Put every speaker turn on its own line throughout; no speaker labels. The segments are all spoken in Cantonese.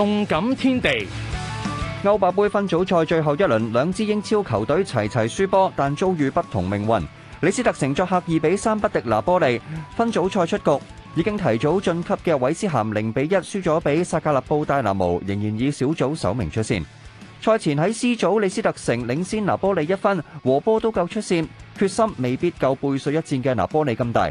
動感天地歐霸盃分組賽最後一輪，兩支英超球隊齊齊輸波，但遭遇不同命運。李斯特城作客二比三不敵拿玻里，分組賽出局。已經提早晉級嘅韋斯咸零比一輸咗俾薩格勒布，戴拿模仍然以小組首名出線。賽前喺 C 組，李斯特城領先拿玻里一分，和波都夠出線，決心未必夠背水一戰嘅拿玻里咁大。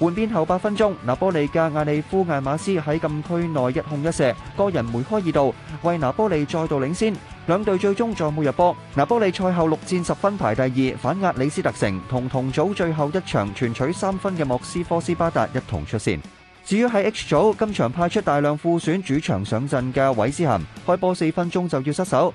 換邊後八分鐘，拿玻里加亞利夫艾馬斯喺禁區內一控一射，個人梅開二度，為拿玻里再度領先。兩隊最終再冇入波，拿玻里賽後六戰十分排第二，反壓李斯特城同同組最後一場全取三分嘅莫斯科斯巴達一同出線。至於喺 H 組，今場派出大量副選主場上陣嘅韋斯咸，開波四分鐘就要失手。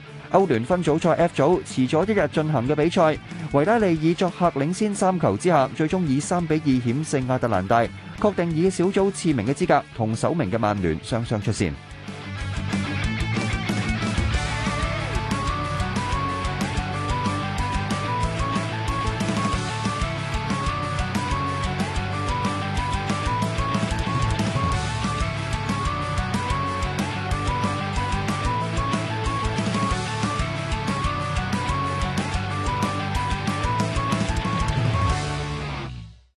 歐聯分組賽 F 組遲咗一日進行嘅比賽，維拉利爾作客領先三球之下，最終以三比二險勝亞特蘭大，確定以小組次名嘅資格同首名嘅曼聯雙雙出線。